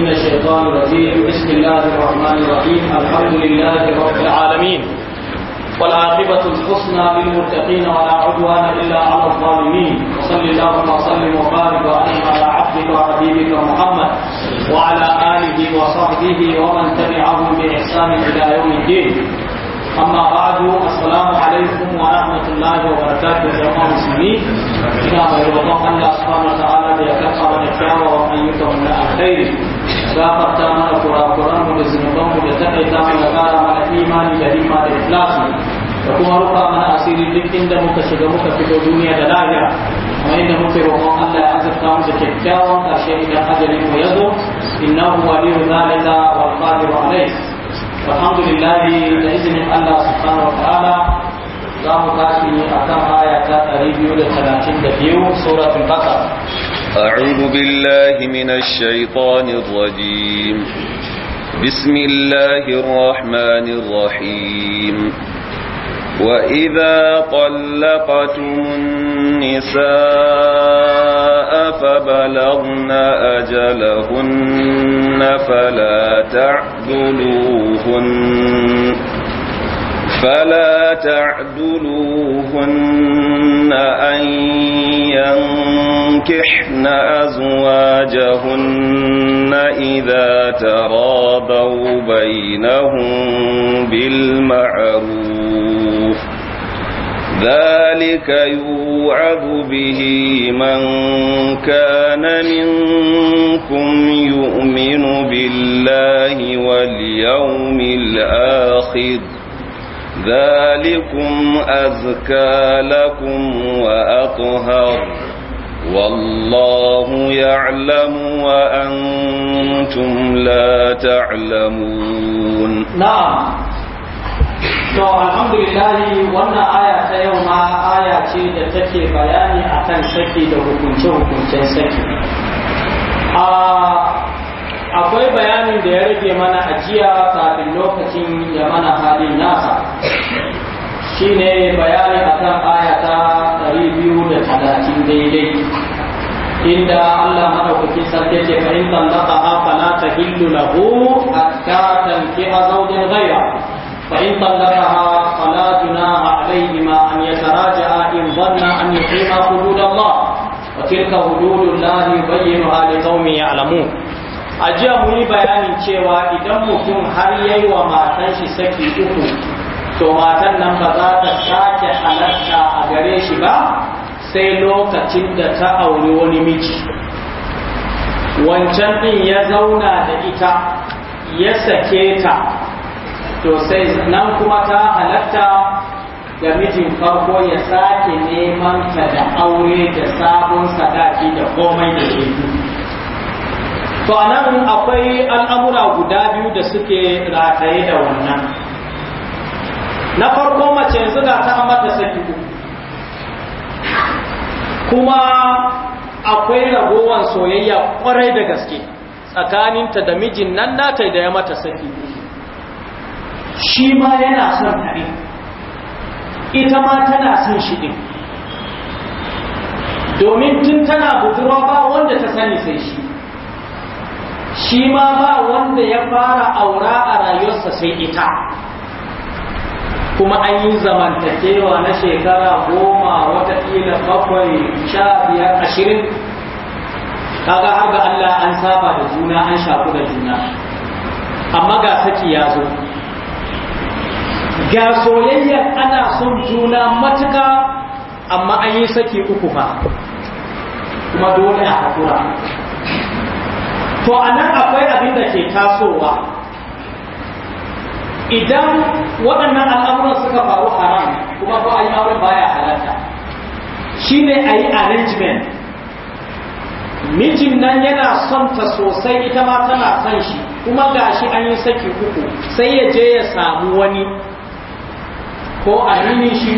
من الشيطان الرجيم بسم الله الرحمن الرحيم الحمد لله رب العالمين والعاقبة الحسنى للمتقين ولا عدوان إلا على الظالمين وصل اللهم وسلم وبارك وأنعم على عبدك وحبيبك محمد وعلى آله وصحبه ومن تبعهم بإحسان إلى يوم الدين أما بعد السلام عليكم ورحمة الله وبركاته يا المسلمين إلى ما يرضى الله سبحانه وتعالى بأكثر من الدعوة وأن يتولى الخير شاقت تاما قرى قرآن ونزم قوم جتن ايتام لقال من ايمان جديد ما الإخلاص فقوى رقى من أسير الدك عندهم كشدمك في الدنيا دلائيا وإنهم في رقوم ألا لا أزف قام جتكاوا أشيء إلى أجل ويضر إنه ولي ذلك والقادر عليه فالحمد لله لإذن الله سبحانه وتعالى الله قاتل أكام آيات تاريبيو لتلاتين دكيو سورة البقرة أعوذ بالله من الشيطان الرجيم بسم الله الرحمن الرحيم وإذا طلقتم النساء فبلغن أجلهن فلا تعذلوهن فلا تعدلوهن أن ينكحن أزواجهن إذا تراضوا بينهم بالمعروف ذلك يوعظ به من كان منكم يؤمن بالله واليوم الآخر ذلكم أزكى لكم وأطهر والله يعلم وأنتم لا تعلمون نعم to alhamdulillahi wannan aya ta yau ma aya ce da take bayani akan saki da hukunce-hukuncen saki a akwai bayanin da ya rage mana ajiya kafin lokacin ya mana halin nasa shine bayani biyu ayata 230 daidai inda Allah madaukakin sarki ce fa in tallaqaha fala tahillu lahu hatta a zawjan ghayra fa in tallaqaha fala junaha alayhima an yataraja'a in dhanna an yuqima hudud Allah wa tilka hududullah yubayyinha ya alamu. a jiya muni bayanin cewa idan mutum har yayi wa matan shi saki uku to matan nan ba za ta sake halatta a gare shi ba sai lokacin da ta auri wani miji wancan ɗin ya zauna da ita ya sake ta to sai nan kuma ta halatta da mijin farko ya sake neman ta da aure da sabon sadaki da komai da shi to anan akwai al'amura guda biyu da suke rataye da wannan na farko mace yanzu ta amma da saki kuma akwai ragowar soyayya kwarai da gaske tsakaninta da mijin nan nata da ya mata saki shi ma yana son tare ita ma tana son shi domin tun tana budurwa ba wanda ta sani sai shi shi ma ba wanda ya fara aura a rayuwarsa sai ita kuma an yi zamantakewa na shekara goma watakila bakwai sha biyar ashirin kaga har ga Allah an saba da juna an shafi da juna amma ga saki ya zo ga soyayyar ana son juna matuka amma an yi saki uku fa kuma dole a hakura to a nan akwai abin da ke tasowa idan waɗannan al'amuran suka faru haram kuma ba a yi aure baya halatta shi ne a yi arrangement mijin nan yana son ta sosai ita ma tana son shi kuma ga shi an yi saki uku sai ya je ya samu wani ko a shi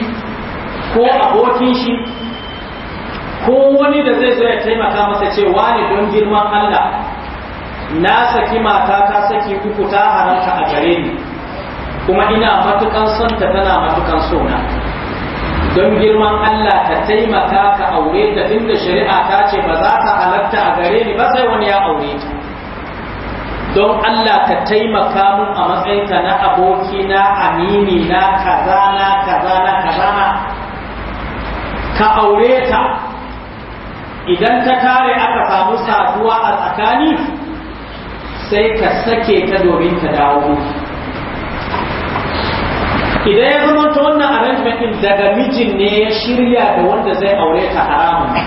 ko abokin shi ko wani da zai zo ya taimaka masa cewa ne don girman Allah na saki mata ta saki uku ta haramta a gare ni kuma ina matukan son ta tana matukan sona don girman Allah ta taimaka ka aure ta inda shari'a ta ce ba za ta halatta a gare ni ba sai wani ya aure ta don Allah ka taimaka mun a matsayinka na aboki na amini na kaza na kaza na kaza na ka aure ta idan ta tare aka samu saduwa a tsakani sai ka sake ta domin ka dawo idan ya zama ta wannan arrangement din daga mijin ne ya shirya da wanda zai aure ta haramun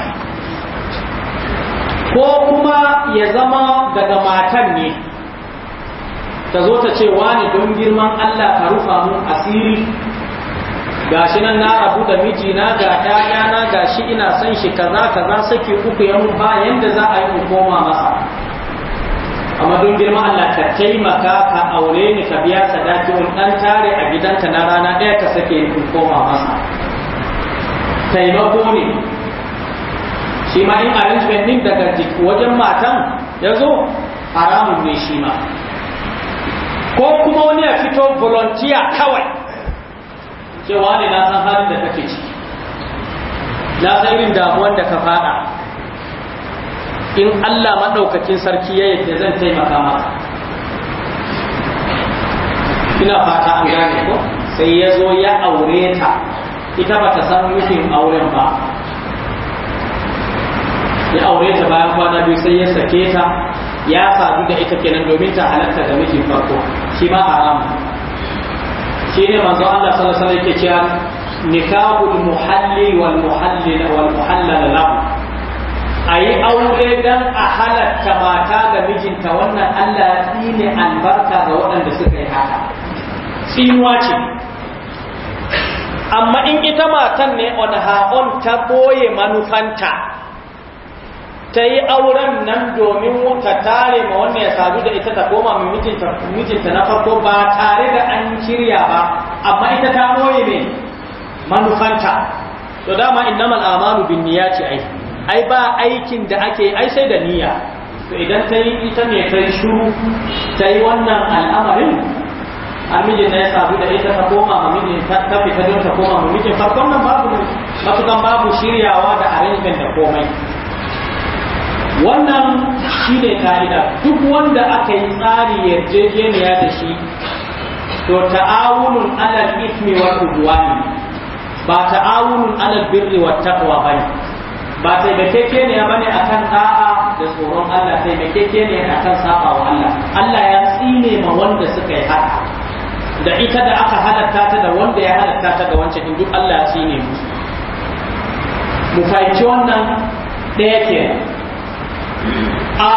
ko kuma ya zama daga matan ne ta zo ta ce wani don girman Allah ka rufa mun asiri gashi nan na rabu da mijina ga ga gashi ina son shi kaza kaza saki uku ya mun ba za a yi koma masa amma don girma Allah ka taimaka ka aure ni ka biya sadaki in dan tare a gidanka na rana ɗaya ka sake yin in koma masa taimako ne shi ma in arrangement din daga wajen matan ya zo haramun ne shi ma ko kuma wani ya fito volunteer kawai cewa ne na san halin da kake ciki na san irin damuwan da ka fada in Allah maɗaukakin sarki ya yadda zan taimaka maka ina fata an gane ko sai ya zo ya aure ta ita ba ta san nufin auren ba ya aure ta bayan kwana biyu sai ya sake ta ya sadu da ita kenan domin ta halatta da mijin farko shi ma haram shi ne manzo Allah sallallahu alaihi wasallam yake cewa nikahul muhalli wal muhallil wal muhallal lahu a yi aure don a halatta mata ga mijinta wannan Allah ya ne albarka ga waɗanda suka yi haka tsinuwa ce amma in ita matan ne on haƙon ta boye manufanta ta yi auren nan domin ta tare ma wannan ya sadu da ita ta koma mai mijinta na farko ba tare da an shirya ba amma ita ta boye ne manufanta to dama innamal amanu bin niyyati ai ai ba aikin da ake ai sai da niyya to idan ta yi ita ne ta yi shuru ta yi wannan al'amarin amijin na ya sabu da ita ta koma mamijin ta fita don ta koma mamijin farkon nan babu ne matukan babu shiryawa da arrangement da komai wannan shi ne ka'ida duk wanda aka yi tsari yarjejeniya da shi to ta'awunun alal ismi wa udwani ba ta'awunun alal birri wa taqwa bane ba sai keke ne ba ne akan da'a da tsoron Allah sai keke ne akan saba wa Allah Allah ya tsine ma wanda suka yi haka da ita da aka halatta ta da wanda ya halatta ta da wancan duk Allah ya tsine musu mu fahimci wannan ɗaya ke. a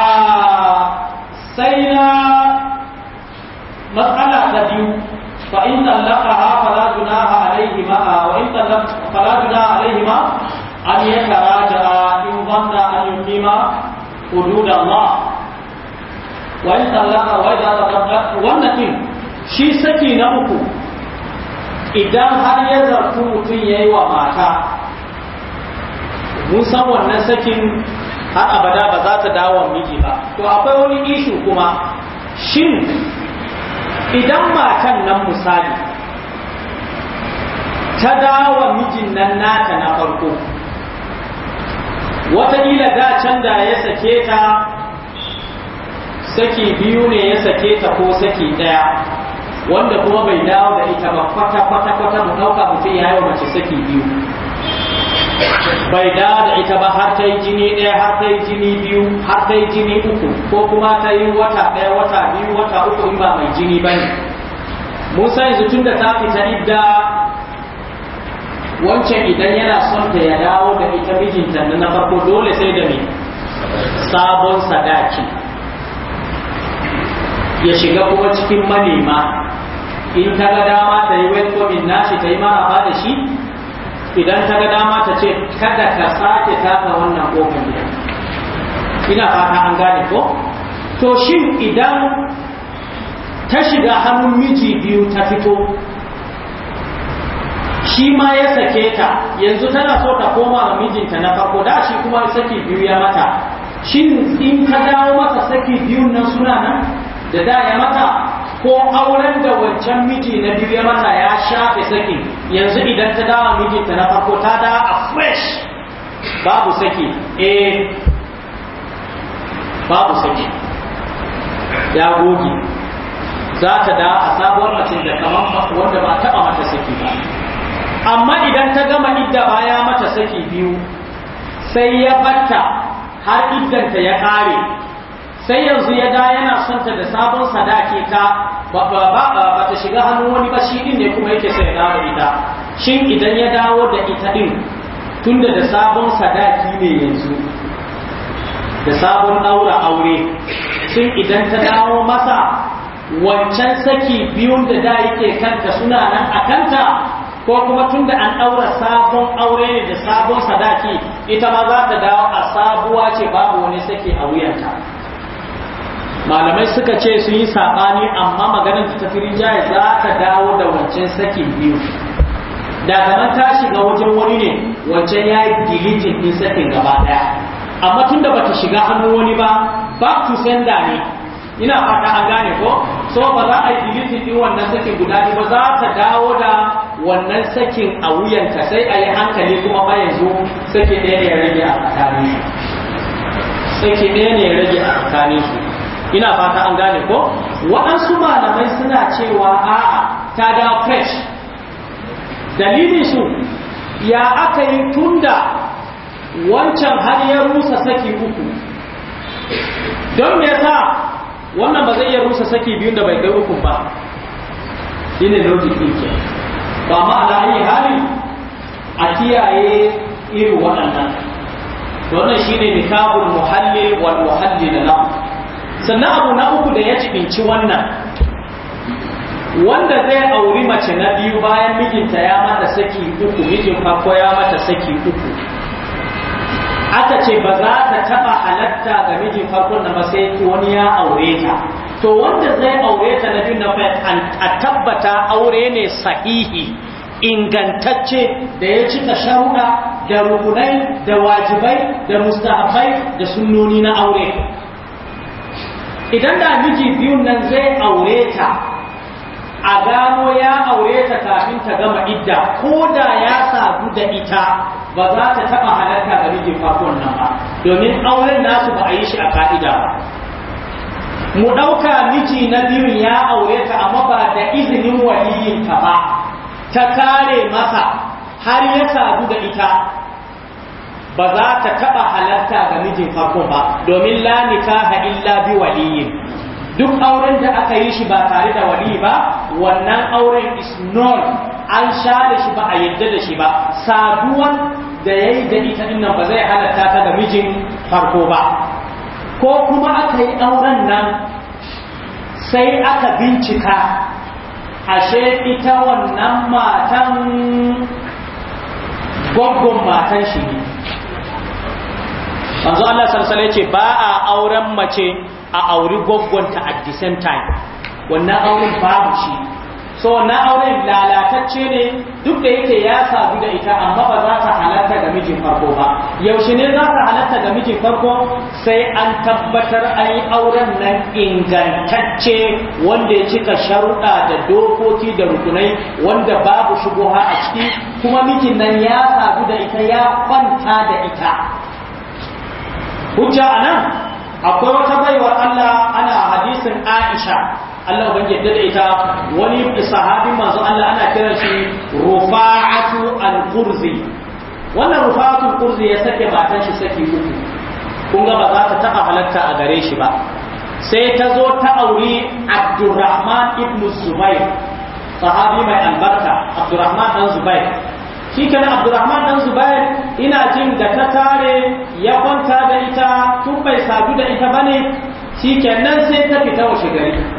sai na matsala ta biyu fa in ha fala junaha alayhima wa in tallaq fala junaha alayhima an ya taraja in zanna an yuqima hudud Allah wa in sallama wa idza tawadda wannan din shi saki na muku. idan har ya zartu mutum yi wa mata mun san wannan sakin har abada ba za ta dawo miji ba to akwai wani ishu kuma shin idan matan nan misali ta dawo mijin nan nata na farko wataƙila da can da ya sake ta saki biyu ne ya sake ta ko saki ɗaya wanda kuma bai dawo da ita ba kwata kwata kwata mu ɗauka mutum ya yi mace saki biyu bai dawo da ita ba har ta yi jini ɗaya har ta yi jini biyu har ta yi jini uku ko kuma ta yi wata ɗaya wata biyu wata uku in ba mai jini ba ne musa yanzu tun da ta fita idda wancan idan yana son ta ya dawo da ita mijinta na farko dole sai da mai sabon sadaki ya shiga kuma cikin manema in ta ga dama ta yi komin nashi ta yi maraba da shi idan ta ga dama ta ce kada ka sake taka wannan kofin gida ina fata an gane ko to shin idan ta shiga hannun miji biyu ta fito shi ma ya sake ta yanzu tana so ta koma ga mijinta na farko da shi kuma saki biyu ya mata shin in ka dawo masa saki biyun nan suna nan da da ya mata ko auren da wancan miji na biyu ya mata ya shafe saki yanzu idan ta dawo mijinta na farko ta da a fresh babu saki eh babu saki ya goge za ta da a sabuwar mace da kamar wanda ba taɓa mata saki ba amma idan ta gama idda baya mata saki biyu sai ya batta har iddanta ya ƙare sai yanzu ya da yana son ta da sabon sadaki ta ba ta shiga hannu wani ba shi din ne kuma yake sai ya dawo ita shin idan ya dawo da ita din tunda da sabon sadaki ne yanzu da sabon aure aure shin idan ta dawo masa wancan saki biyun da da yake kanta suna nan a kanta ko kuma tun da an ɗaura sabon aure ne da sabon sadaki ita ma za ta dawo a sabuwa ce babu wani sake a wuyanta malamai suka ce sun yi saɓani amma maganin ta tafi rinjaye za ta dawo da wancan saki biyu da kamar ta shiga wajen wani ne wancan ya yi dilitin ɗin sakin gaba ɗaya amma tun tunda bata shiga hannun wani ba ba ku ne ina fata an gane ko so ba za a yi dilitin din wannan sakin guda ba za ta dawo da wannan sakin a wuyanka sai a yi hankali kuma ba yanzu sake ɗaya ne rage a tsakanin su sake ɗaya ne rage a tsakanin su ina fata an gane ko waɗansu malamai suna cewa a'a ta da fresh dalilin su ya aka yi tunda wancan har ya rusa saki uku don me yasa wannan ba zai iya rusa saki biyun da bai kai uku ba shine logic ba ma ala yi hali a kiyaye iri waɗannan wannan shine nikahul muhalli wal muhalli da lahu sannan abu na uku da ya cibinci wannan wanda zai auri mace na biyu bayan mijinta ya mata saki uku mijin farko ya mata saki uku aka ce ba za ta taba halatta ga mijin farkon na ba sai wani ya aure ta to wanda zai aure ta na biyu na a tabbata aure ne sahihi ingantacce da ya cika sharuɗa da rukunai da wajibai da mustahabai da sunnoni na aure idan da miji biyun nan zai aure ta a gano ya aure ta kafin ta gama idda ko da ya sadu da ita ba za ta taɓa halarta ga mijin farkon nan ba domin auren nasu ba a yi shi a ka'ida ba mu ɗauka miji na biyun ya aure ta amma ba da izinin waliyinka ba ta kare masa har ya sadu da ita ba za ta taɓa halarta ga mijin farko ba domin la nikaha illa bi waliyin duk auren da aka yi shi ba tare da wali ba wannan auren is known an sha da shi ba a yadda da shi ba saduwan da ya yi da ita dinnan ba zai halarta ta ga mijin farko ba ko kuma aka yi auren nan sai aka bincika ashe ita wannan matan gwaggon matan shi ne manzo Allah sarsale ce ba a auren mace a auri goggonta at the same time wannan auren babu shi so wannan auren lalatacce ne duk da yake ya sadu da ita amma ba za ta halatta ga mijin farko ba yaushe ne za ta halatta ga mijin farko sai an tabbatar a yi auren nan ingantacce wanda ya cika sharuɗa da dokoki da rukunai wanda babu shubuha a ciki kuma mijin nan ya sadu da ita ya kwanta da ita hujja anan akwai wata baiwar Allah ana hadisin Aisha Allah ubangi ya dade ita wani sahabin masu Allah ana kiran shi Rufa'atu al-Qurzi wannan Rufa'atu al-Qurzi ya sake matan shi saki uku kun ga ba za ta taba halatta a gare shi ba sai ta zo ta auri Abdurrahman ibn Zubair sahabi mai albarka Abdurrahman dan Zubair shi kenan Abdurrahman dan Zubair ina jin da ta tare ya kwanta da ita tun bai sadu da ita bane shi kenan sai ta fita washe gari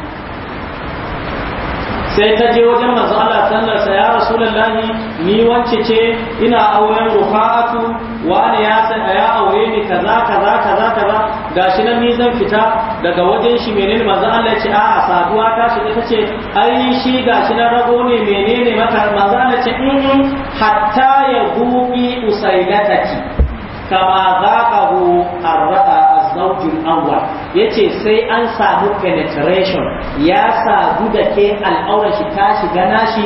sai ta je wajen manzo Allah sallallahu ya rasulullahi ni wacce ce ina auren rufa'atu wani ya san ya aure ni kaza kaza kaza kaza gashi nan ni zan fita daga wajen shi menene manzo Allah ce a a saduwa ta shi ta ce ai shi gashi nan rago ne menene mata manzo Allah ce in hatta ya gubi usailataki kama zaqahu arra'a zawjul yace sai an samu penetration ya sabu da ke al'aurar shi ta shiga nashi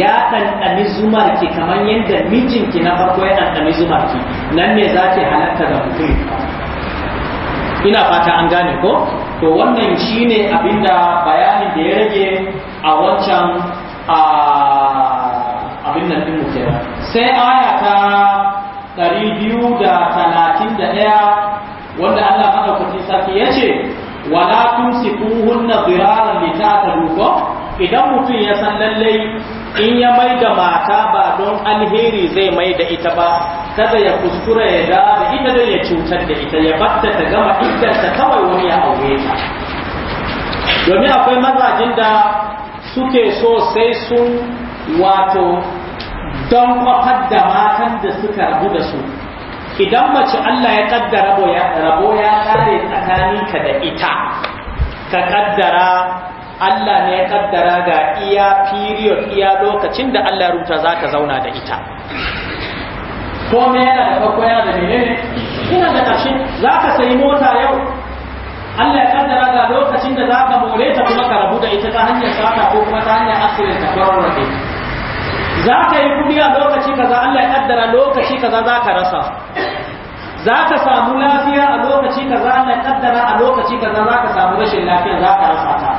ya ɗanɗani zumar ki kamar yadda mijinki na farko ya ɗanɗani zumar ki nan ne za ki da mutum ina fata an gane ko to wannan shine abinda bayanin da ya rage a wancan abin nan din kenan sai aya ta 231 wanda Allah madaukakin sarki ya ce wala tumsikuhunna diraran litatalu ko idan mutum ya san lallai in ya mai da mata ba don alheri zai mai da ita ba kada ya kuskura ya da ita don ya cutar da ita ya batta ta gama iddarta kawai wani ya aure ta domin akwai mazajin da suke so sai sun wato don kwafar da matan da suka rabu da su idan mace Allah ya kaddara rabo ya kare tsakaninka da ita ka kaddara Allah ne ya kaddara ga iya period iya lokacin da Allah ya rubuta za ka zauna da ita Ko me yana da farko yana da menene kina da kashi za ka sayi mota yau Allah ya kaddara ga lokacin da za ka more ta kuma ka rabu da ita ta hanyar sata ko kuma ta hanyar asirin da kwararrafe za ka yi kudi a lokaci kaza Allah ya kaddara lokaci kaza za ka rasa za ka samu lafiya a lokaci kaza Allah ya kaddara a lokaci kaza za ka samu rashin lafiya za ka rasa ta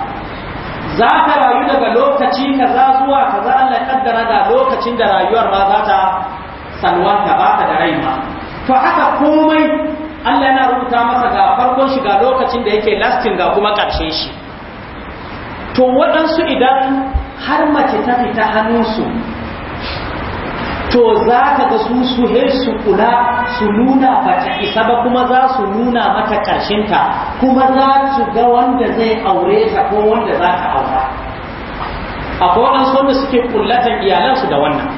za ka rayu daga lokaci kaza zuwa kaza Allah ya kaddara da lokacin da rayuwar ma za ta salwanta ba ka da rai ma to haka komai Allah yana rubuta masa ga farkon shi ga lokacin da yake lasting ga kuma ƙarshen shi to waɗansu idan har mace ta fita hannunsu to za ka ga su suhe su kula su nuna ba ta isa ba kuma za su nuna mata ta kuma za su ga wanda zai aure ta ko wanda za ta aura akwai waɗansu wanda suke kullatan iyalansu da wannan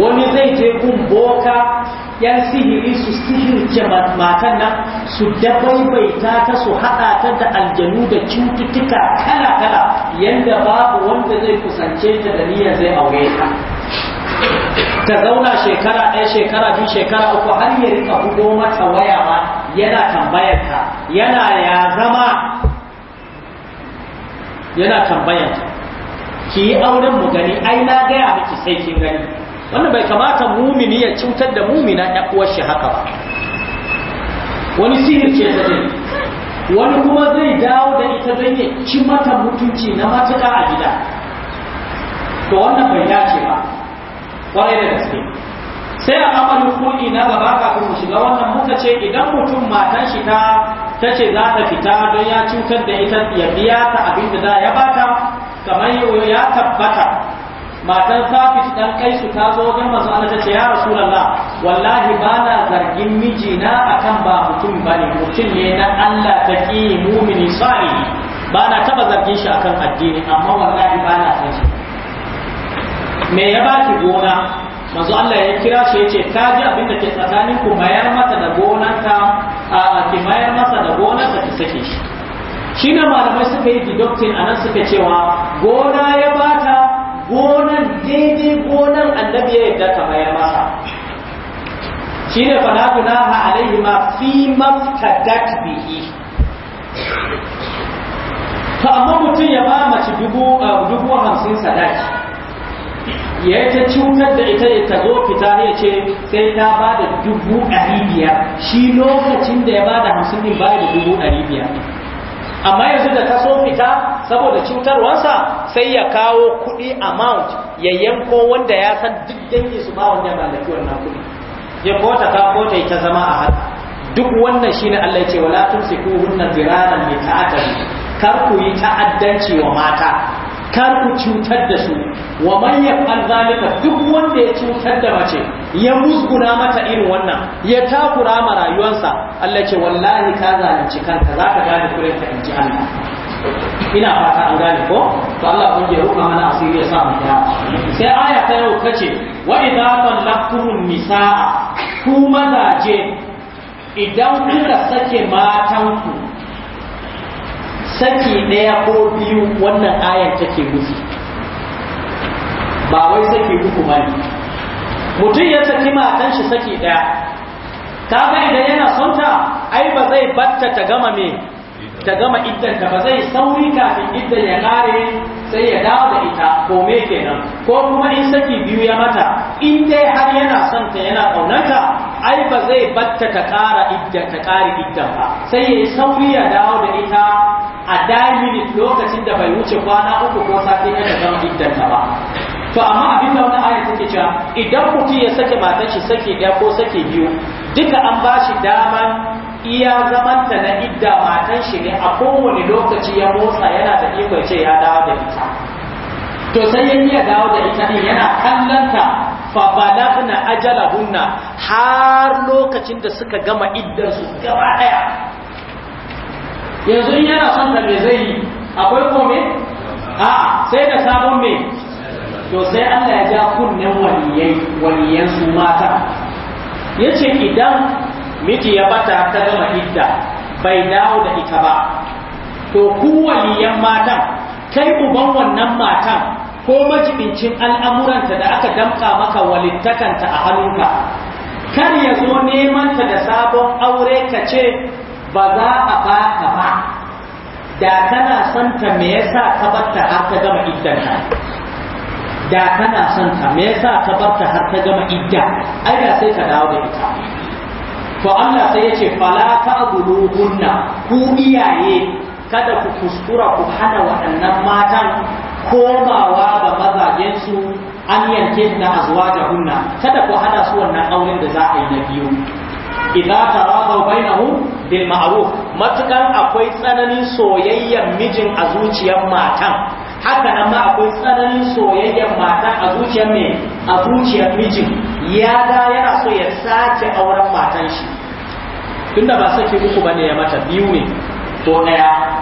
wani zai je gun boka yan sihiri su sihirce matan nan su dabaibaita ta su haɗa ta da aljanu da cututtuka kala-kala yadda babu wanda zai kusance ta da niyyar zai aure ta ta zauna shekara ɗaya shekara biyu shekara uku har ya rika bugo mata waya ba yana tambayar ta yana ya zama yana tambayar ta ki yi auren mu gani ai na gaya miki sai kin gani wannan bai kamata mumini ya cutar da mumina ya uwar shi haka ba wani sihir ce ta wani kuma zai dawo da ita zai ya ci mata mutunci na matuƙa a gida to wannan bai dace ba kwarai da gaske sai a amalin kuɗi na gaba kafin mu shiga wannan muka ce idan mutum matan shi ta ce za ta fita don ya cutar da ita ya biya ta abin da ya bata kamar ya tabbata matan fita dan kai su ta zo wajen manzo Allah tace ya rasulullah wallahi ba na zargin mijina akan ba mutum bane mutum ne na Allah ki mu'mini salihi ba na taba zargin shi akan addini amma wallahi ba na san shi me ya baki gona manzo Allah ya kira shi yace ka ji abin da ke tsakanin ku mayar masa da gonarka a ki mayar masa da gonarka ki sake shi shi ne malamai suka yi deducting a nan suka cewa gona ya bata gonan daidai gonan annabi ya yadda ka mayar masa shi ne fa na gunaha alaihi ma fi maftadat bihi to amma mutum ya ba mace dubu hamsin sadaki ya ta cutar da ita ta zo fita ya ce sai ta bada da dubu ɗari biyar shi lokacin da ya bada da hamsin din baya da dubu ɗari biyar amma yanzu da ta so fita saboda cutarwarsa sai ya kawo kuɗi amount ya yanko wanda ya san duk dangin su ba wanda ya mallaki kuɗi ya kota ka kota ta zama a haka duk wannan shine Allah ya ce wala tumsiku hunna ziraran li ta'atabi kar ku yi ta'addanci wa mata kar ku cutar da su wa man yaf'al zalika duk wanda ya cutar da mace ya musguna mata irin wannan ya takura ma rayuwarsa Allah ce wallahi ka zalunci kanka ka gane kure ta inji Allah ina fata an gane ko to Allah kun je ruka mana asiri ya sa mu da sai aya ta yau kace wa idza talaqtumun nisaa ku je idan kuka sake matanku saki ɗaya ko biyu wannan kayan take nufi ba wai saki uku ba ne mutum ya saki matan shi saki ɗaya kaga idan yana son ta ai ba zai batta ta gama me ta gama iddanta ba zai sauri kafin iddan ya kare sai ya dawo da ita ko me kenan ko kuma in saki biyu ya mata in dai har yana son ta yana kaunanta ai ba zai batta ta kara idan ta kare iddan ba sai ya sauri ya dawo da ita a daimini lokacin da bai wuce kwana uku ko sati ta gama iddan ta ba to amma a da wani aya take cewa idan mutum ya sake matar shi sake ɗaya ko saki biyu duka an ba shi damar. iya zamanta na idda matan shi ne a kowane lokaci ya motsa yana da ikon ce ya dawo da ita to sai ya iya dawo da ita din yana kallanta fa balagna ajalahunna har lokacin da suka gama iddar su gaba daya yanzu in yana son ta me zai yi akwai kome a sai da sabon me to sai Allah ya ja kunnen waliyai waliyan su mata yace idan miji ya bata ta gama idda bai dawo da ita ba to ku waliyan matan kai uban wannan matan ko majibincin al'amuranta da aka damka maka walittakanta a hannunka kar ya zo nemanta da sabon aure ka ce ba za a baka ba da kana santa me yasa ka barta har ta gama iddanta da kana son ta me yasa ka barta har ta gama idda ai ga sai ka dawo da ita to Allah sai ya ce fala ta'buluhunna ku iyaye kada ku kuskura ku hana waɗannan matan komawa ga mazajensu an yanke da hunna kada ku hana su wannan auren da za a yi na biyu idza tarada bainahu bil ma'ruf matukan akwai tsananin soyayyar mijin a zuciyar matan haka nan ma akwai tsananin soyayyar mata a zuciyar mai a zuciyar mijin ya ga yana so ya sace auren matan shi tunda ba sake uku bane ya mata biyu ne ko daya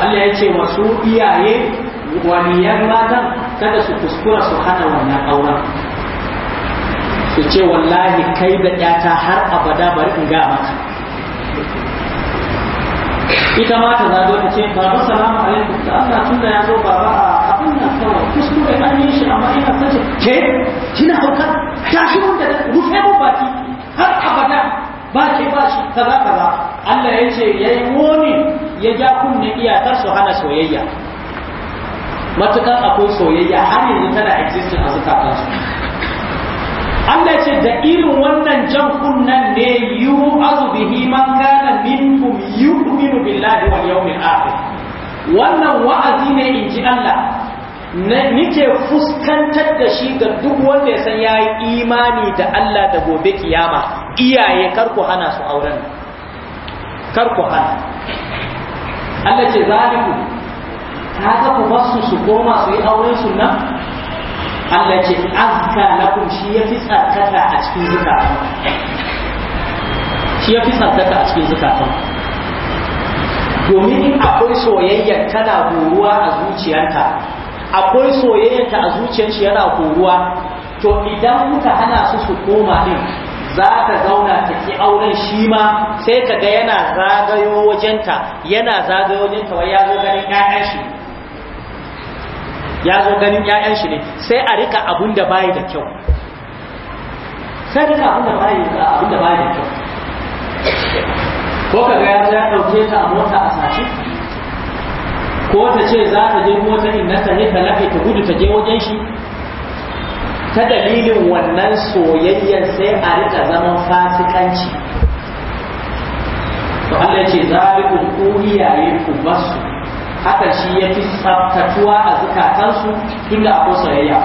Allah ya ce wasu iyaye wani yan matan kada su kuskura su hana wannan auren su ce wallahi kai da ƴata har abada bari in ga maka ita ma ta zago ta ce ba salamu alaikum ta Allah tun da ya zo ba a abin nan kawai kuskure an yi shi amma ina ta ce ke kina hauka shi mun da rufe mun baki har abada ba ke ba shi ka ba. Allah ya ce ya yi woni ya ja kunne iyakar su hana soyayya matukar akwai soyayya har yanzu tana existing a zukatansu Allah ce da irin wannan jan kunnan ne azu da himan kana minkum yu'minu billahi wal yawmil afi. wannan wa'azi ne in ji Allah nike fuskantar da shi ga duk wanda ya san ya yi imani da Allah da gobe kiyama iyaye karku hana su auren karku hana Allah ce zaliku ta ga ku su koma su yi auren su nan Allah ce azka kun shi ya fi tsarkaka a cikin zukatan shi ya fi tsarkaka a cikin zukatan domin akwai soyayya tana horuwa a zuciyarka akwai soyayyanta a zuciyar shi yana horuwa to idan muka hana su su koma din za ka zauna ta ki auren shi ma sai ka ga yana zagayo wajenta yana zagayo wajenta wai ya zo ganin 'ya'yan shi ya zo ganin ƴaƴan shi ne sai a rika abun da bai da kyau sai rika abun da bai da abun da bai da kyau ko kaga ya ta dauke ta a mota a sashi ko ta ce za ta je mota in ta ne ta lafi ta gudu ta je wajen shi ta dalilin wannan soyayyar sai a rika zaman fasikanci to Allah ce zalikum uhiya yakum masu hakan shi ya fi tsabtatuwa a zukatansu tun da akwai soyayya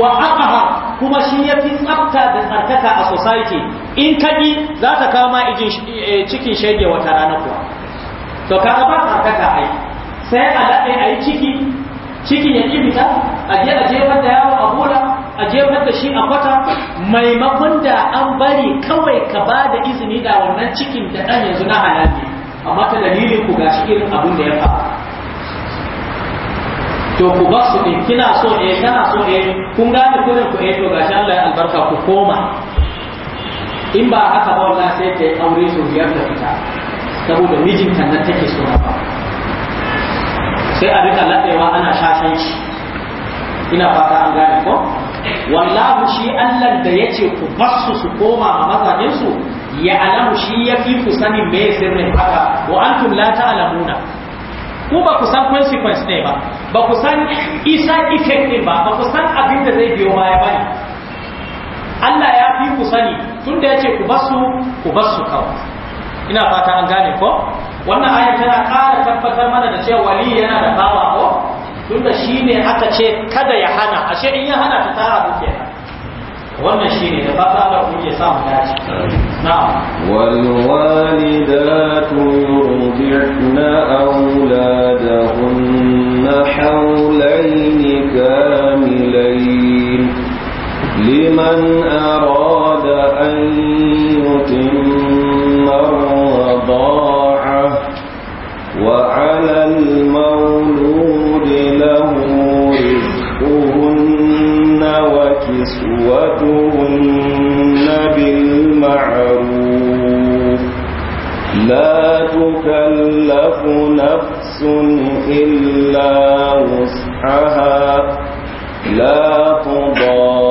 wa aqaha kuma shi ya fi tsabta da tsarkaka a society in kaɗi za ta kama ijin eh, cikin shege wata rana kuwa to ka ba tsarkaka ai sai a dade a yi ciki ciki ya ƙi fita a je a jefar da yawo a bola a jefar da shi a kwata maimakon da an bari kawai ka ba da izini da wannan cikin da ɗan yanzu na halali amma ta dalilin ku gashi irin abin da ya faru to ku ba su ɗin kina so ne kana so ne kun gane kudin ku eh to gashi Allah ya albarka ku koma in ba haka ba wallahi sai ta aure su biyar da fita saboda mijinta nan take so ba sai a rika laɗewa ana shashanci ina fata an gane ko wallahu shi Allah da ya ce ku ba su su koma a su? ya alamu shi ya fi ku sani me sirrin haka wa antum la ta'lamuna ku ba ku san consequence ne ba ba ku san isa effect ne ba ba ku san abin da zai biyo baya ba Allah ya fi ku sani tun da ya ce ku basu ku basu kawai ina fata an gane ko wannan aya tana kara tabbatar mana da cewa wali yana da bawa ko tunda shine aka ce kada ya hana ashe in ya hana ta tara kenan والوالدات يرضعن أولادهن حولين كاملين لمن أراد أن يتم الرضاعة وعلى الله نسوتهن بالمعروف لا تكلف نفس إلا وسعها لا تضار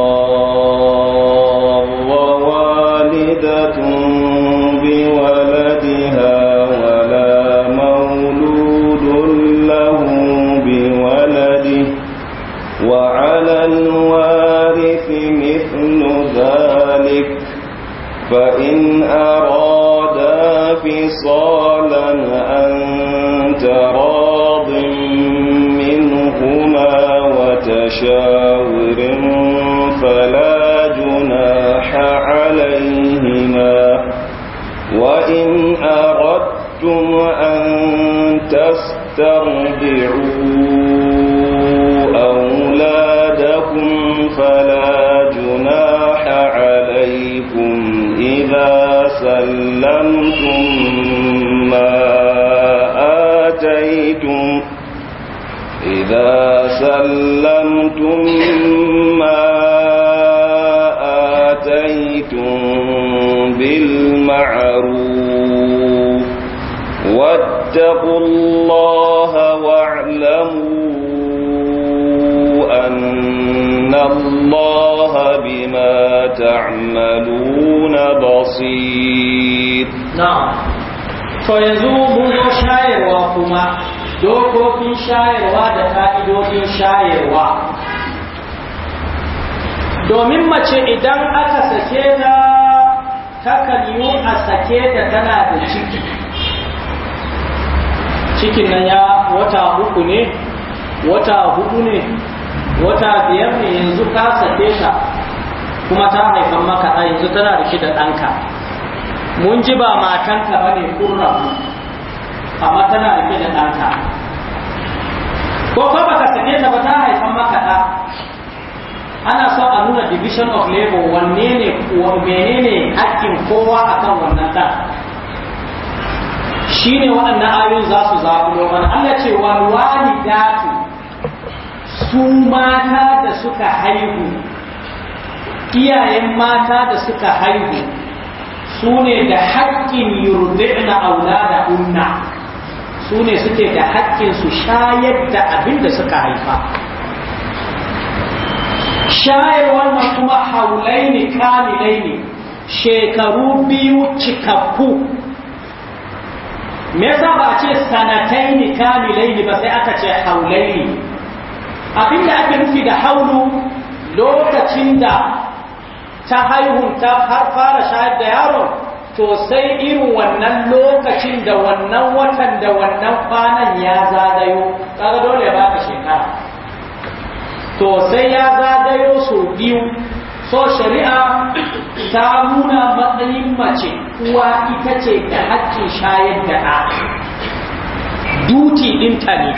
cikin nan ya wata uku ne wata hudu ne wata biyar ne yanzu ka sake ta kuma ta haifan maka ɗa yanzu tana da shi da ɗanka mun ji ba matanka ba ne kurra amma tana da shi da ɗanka ko ba baka sake ta ba ta haifan maka ɗa ana so a nuna division of labor wanne ne menene hakkin kowa akan wannan ɗan shine waɗannan ayoyin za su zaɓi mana Allah ce wal walidatu su mata da suka haihu iyayen mata da suka haihu su ne da haƙƙin yurdi'na da unna su ne suke da haƙƙin su shayar da abin da suka haifa shayarwar ma kuma haulai ne kamilai ne shekaru biyu cikakku me yasa ba a ce sanataini kamilaini ba sai aka ce haulaini abinda ake nufi da haulu lokacin da ta haihun ta har fara shayar da yaro to sai irin wannan lokacin da wannan watan da wannan kwanan ya zagayo kaga dole ya baka shekara to sai ya zagayo su biyu so shari'a ta nuna matsayin mace uwa ita ce da haƙƙin shayar da ɗa duty ɗinta ne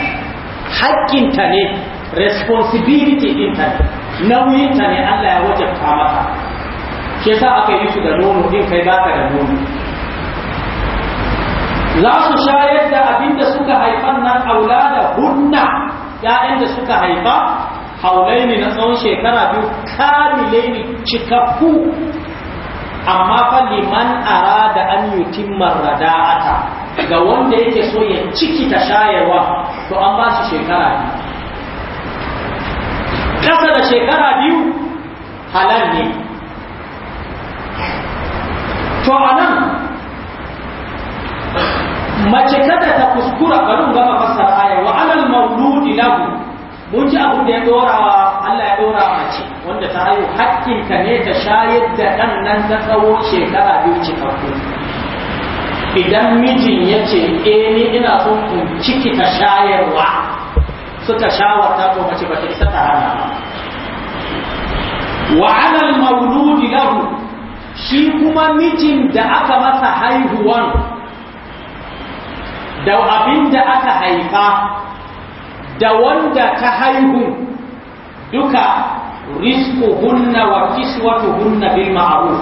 haƙƙinta ne responsibility ɗinta ne nauyinta ne Allah ya wajabta maka ke sa aka yi su da nono ɗin kai ba ka da nono za su shayar da abinda suka haifan nan aula da hunna ‘ya'yan da suka haifa haulaini na tsawon shekara biyu ne cikakku amma fa liman arada an yutimma rada'ata ga wanda yake so ya ciki ta shayarwa to an ba shi shekara biyu kasa da shekara biyu halal ne to anan mace kada ta kuskura garin gama fasar ayawa, alal mauludi lahu mun ji abin da ya dorawa Allah ya dora mace wanda ta haihu ka ne ta shayar da ɗan nan ta tsawo shekara biyu cikakku idan mijin ya ce eh ni ina so in ciki ta shayarwa suka ta ko mace bata isa ta hana ba wa alal mauludi lahu shi kuma mijin da aka masa haihuwan da abin da aka haifa da wanda ta haihu duka risku hunna wa hunna bil ma'ruf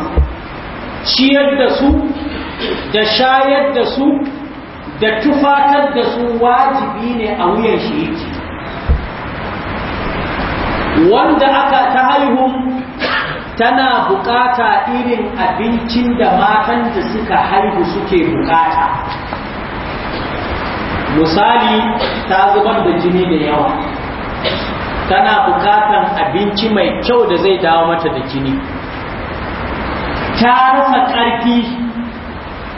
ciyar da su da shayar da su da tufatar da su wajibi ne a wuyan shi yake wanda aka ta haihu tana bukata irin abincin da matan da suka haihu suke bukata misali ta zubar da jini da yawa tana bukatan abinci mai kyau da zai dawo mata da jini ta rasa ƙarfi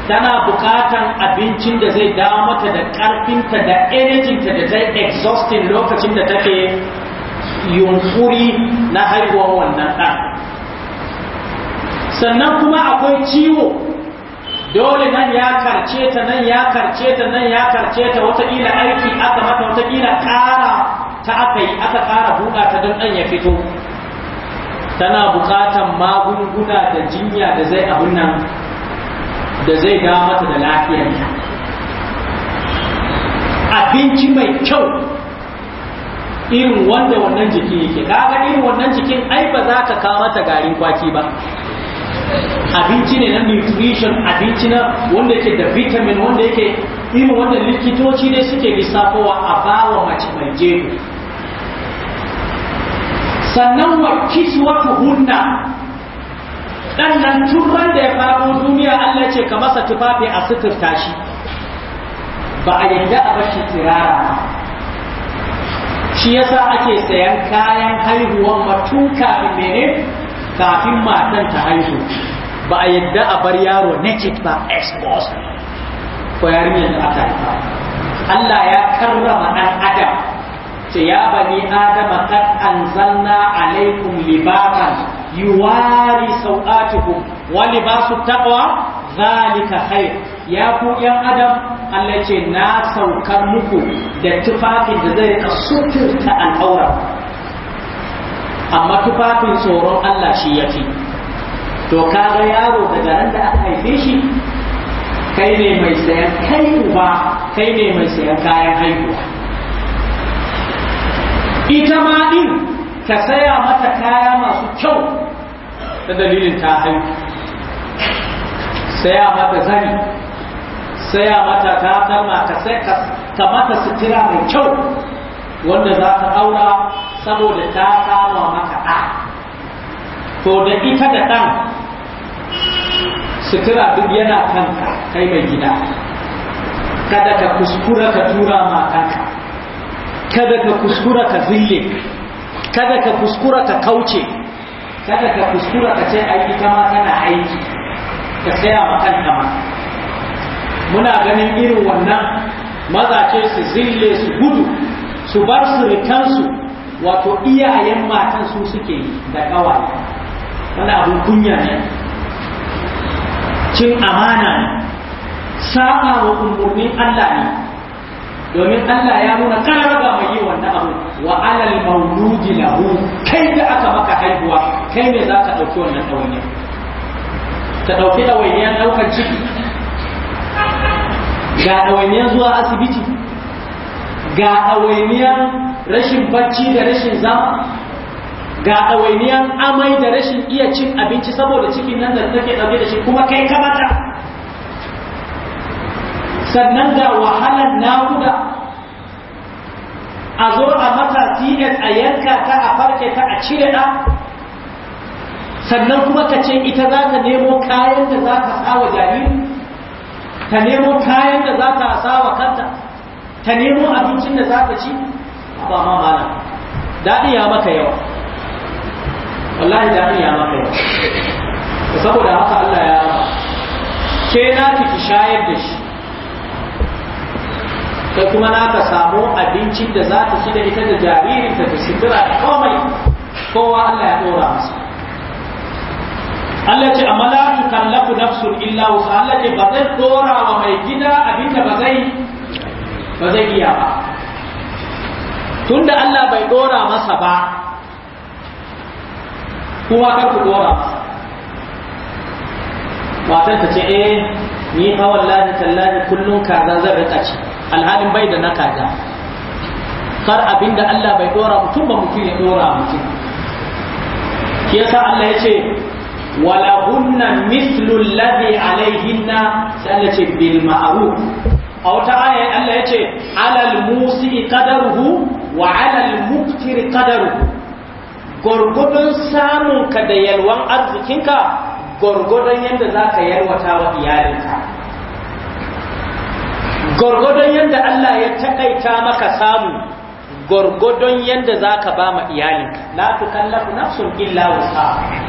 tana bukatan abincin da zai dawo mata da ƙarfinta da energinta da ta exhausting lokacin da take yunkuri na haihuwar wannan ɗan sannan kuma akwai ciwo dole nan ya karce ta nan ya karce ta nan ya karce ta wataƙila aiki aka mata wataƙila ƙara ta aka yi aka ƙara buɗa ta don dan ya fito tana buƙatan magunguna da jinya da zai abun nan da zai da mata da lafiyar abinci mai kyau irin wanda wannan jiki yake kaga irin wannan jikin ai ba za ka kawo mata garin kwaki ba abinci ne na nutrition abinci na wanda yake da vitamin wanda yake irin wanda likitoci ne suke lissafowa a bawa mace mai jego sannan wa wata hunna dan nan turan da ya faru duniya Allah ce ka masa tufafi a suturta tashi. ba a yadda a bashi tirara shi yasa ake sayan kayan haihuwan matuka ne. kafin matan ta haihu ba a yadda a bar yaro naked ba exposed ko yarinyar da aka haifa Allah ya karrama ɗan adam ce ya bani adama kad anzalna alaikum wani yuwari sau'atukum wa libasu taqwa zalika khair ya ku yan adam Allah ce na saukar muku da tufafin da zai ta suturta al'aura amma tufafin tsoron Allah shi ya fi to kaga yaro daga ran da aka haife shi kai ne mai sayan kai uba kai ne mai sayan kayan haihuwa ita ma din ka saya mata kaya masu kyau ta dalilin ta haihu saya mata zani saya mata ta ka mata sutura mai kyau wanda za ta aura saboda ta kama maka ɗa to da ita da ɗan sutura duk yana kanka kai mai gida kada ka kuskura ka tura matanka kada ka kuskura ka zille kada ka kuskura ka kauce kada ka kuskura ka ce aiki kama tana aiki ka tsaya makanta ma muna ganin irin wannan mazace su zille su gudu su bar surikansu wato iyayen matan su suke da kawaye wanda abin kunya ne cin amana ne wa umarnin Allah ne domin Allah ya nuna karar ga mai yi wanda abu wa alal mauludi lahu kai da aka maka haihuwa kai ne za ka ɗauki wannan ɗawainiyar ta ɗauki ɗawainiyar ɗaukar ciki ga ɗawainiyar zuwa asibiti ga ɗawainiyar rashin bacci da rashin zama ga ɗawainiyar amai da rashin iya cin abinci saboda cikin nan da take ɗauke da shi kuma kai ka mata sannan ga wahalar naƙuda a zo a mata cs a yanka ta a farke ta a cire ɗa sannan kuma ka ce ita za ta nemo kayan da za ta sa wa jariri ta nemo kayan da za ta sa wa kanta Ta nemo abincin da za ka ci ba ma mana daɗin ya maka yawa wallahi daɗin ya maka yawa saboda haka Allah ya rama ke na ki shayar da shi kai kuma na ka samu abincin da za ta ci da ita da jaririnta ta sutura da komai kowa Allah ya ɗora masa Allah ce amma la tukallafu nafsun illa wusa Allah ce ba zai ɗora wa mai gida abinda ba zai ba zai iya ba tunda Allah bai dora masa ba kuma kar ku dora masa matan ta ce eh ni fa wallahi tallahi kullun kaza zan rika ci alhalin bai da na kaza kar abinda Allah bai dora mutum ba mutum ya dora mutum shi yasa Allah ya ce walahunna mithlu alladhi alaihinna sai Allah ce bil ma'ruf a wata aya Allah ya ce alal musi qadaruhu wa alal muqtir qadaruhu gwargwadon samun ka da yalwan arzikinka yadda yanda zaka yalwata wa iyalinka Gwargwadon yanda Allah ya takaita maka samu yadda yanda zaka ba ma iyalinka la tukallafu nafsun illa wasa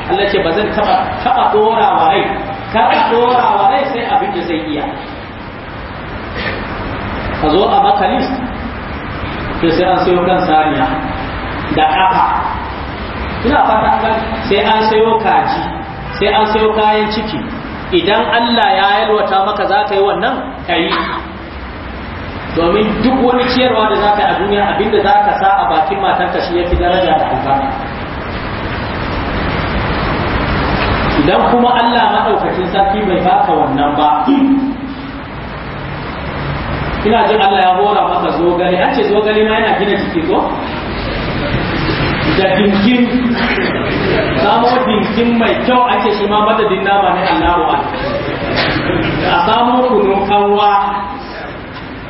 Allah ce bazan taba taba dora wa rai ka dora wa rai sai abin da zai iya a zo a maka list sai an sayo kan saniya da kafa ina fata sai an sayo kaji sai an sayo kayan ciki idan Allah ya yalwata maka za ka yi wannan kayi domin duk wani ciyarwa da za ka yi a duniya abinda za ka sa a bakin matarka shi ya fi daraja da alfa idan kuma Allah maɗaukacin sarki bai baka wannan ba ina jin Allah ya hora masa zogale an ce zogale ma yana gina jiki ko da dinkin samo dinkin mai kyau ake shi ma madadin nama ne Allah a samo kunun kanwa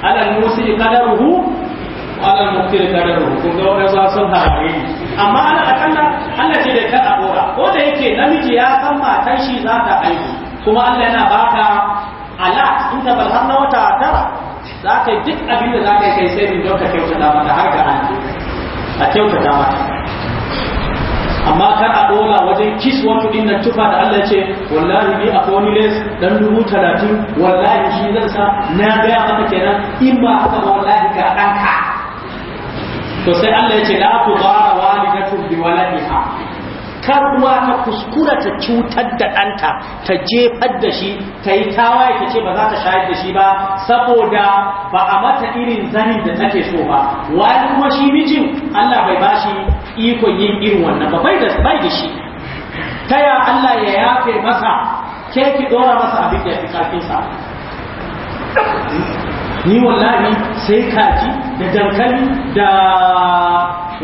alal musi kadaruhu alal mukir kadaruhu kun ga wani za sun harare amma ala akalla Allah ce da ka abora ko da yake namiji ya san matan shi za ta aiki kuma Allah yana baka ala in ka bar na wata tara za ka yi duk abin da za ka yi kai sai don ka kyautata mata har ga an a kyautata mata amma kar a ɗola wajen kis wani ɗin nan tufa da Allah ce wallahi bi a koni les dan dubu talatin wallahi shi zan sa na gaya maka kenan in ba haka ba wallahi ka ɗanka to sai Allah ya ce la ku bara walidatu bi waladiha Kar karuwa ta kuskura ta cutar da ɗanta ta jefar da shi ta yi tawaye ta ce ba za ta shayar da shi ba saboda ba a mata irin zanin da take so ba wani kuma shi mijin Allah bai bashi ikon yin irin wannan ba bai da bai da shi ta ya Allah ya yafe masa ke ki dora masa abin da ya fi karfinsa ni wallahi sai kaji da dankali da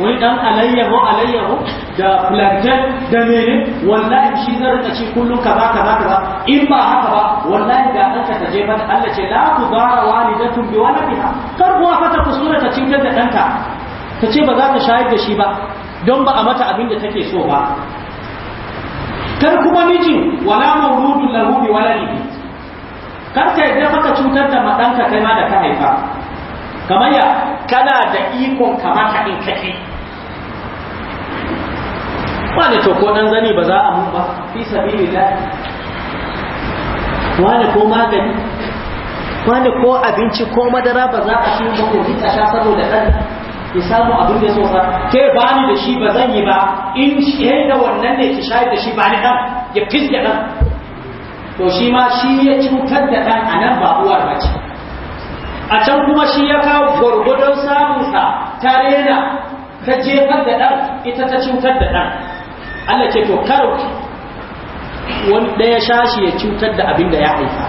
wani dan alayyaho alayyaho da plantain da mene wallahi shi zan rika ci kullum kaza kaza kaza in ba haka ba wallahi da ɗanka ta je ba Allah ce la ku bara walidatun bi waladiha kar kuwa fata kusura ta cikin da ɗanka ta ce ba za ta shayar da shi ba don ba a mata abin da take so ba kar kuma mijin wala mauludun lahu bi waladihi kar ka yadda maka cutar da maɗanka kai ma da ka haifa kamar ya kana da ikon kamar haɗin kake wani to ko ɗan zani ba za a mun ba fi sabili da wani ko magani wani ko abinci ko madara ba za a shi ba ko a sha saboda ɗan ya samu abin da ya sosa ke ba ni da shi ba zan yi ba in shi da wannan ne ki shayar da shi ba ni ɗan ya fiske ɗan to shi ma shi ya cutar da ɗan a nan ba uwar mace a can kuma shi ya kawo gwargwadon samunsa ta rena ta jefar da ɗan ita ta cutar da ɗan Allah ce to karo wani ɗaya shashi ya cutar da abin da ya haifa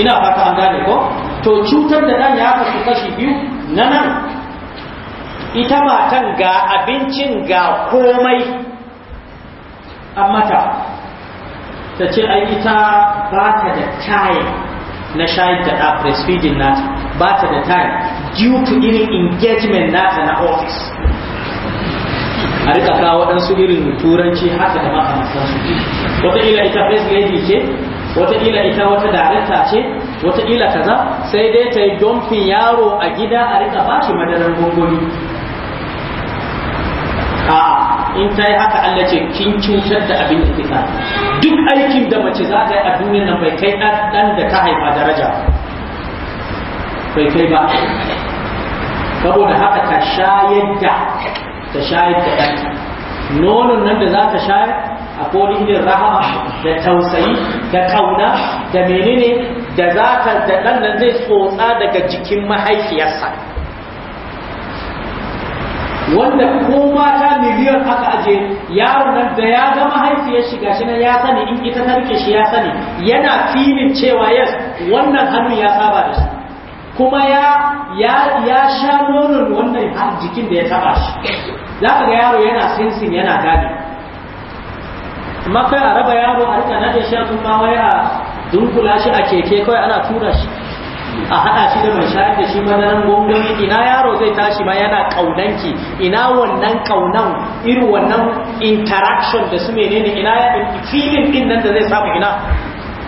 ina fata an gane ko to cutar da ɗan ya kasu kashi biyu na nan ita matan ga abincin ga komai an mata ta ce yi ita ba ta da time na shayar da ɗa breastfeeding nata ba ta da time due to irin engagement nata na office a rika kawo waɗansu irin turanci haka da ce wataƙila ita first lady ce wataƙila ita wata darakta ce wataƙila kaza sai dai ta yi domfin yaro a gida a rika ba shi madarar gongoni a'a in ta yi haka Allah ce kin cutar da abin da kika duk aikin da mace za ta yi a duniyar nan bai kai dan da ta haifa daraja bai kai ba saboda haka ta shayar da ta shayar da ɗan nonon nan da za ta shayar a kodin da rahama da tausayi da kauna da menene da za ta da ɗan nan zai tsotsa daga jikin mahaifiyarsa wanda ko mata miliyan aka aje yaron nan da ya ga mahaifiyar shi gashi nan ya sani in ita ta shi ya sani yana filin cewa yes wannan hannun ya saba da shi kuma ya ya ya sha nonon wannan jikin da ya taba shi za ka ga yaro yana sinsin yana gane makai a raba yaro a rika nade shi a tsumawa ya dunkula shi a keke kawai ana tura shi a haɗa shi da mai da shi madaran gwangwani ina yaro zai tashi ma yana ƙaunanki ina wannan kaunan irin wannan interaction da su menene ina filin ɗin nan da zai samu ina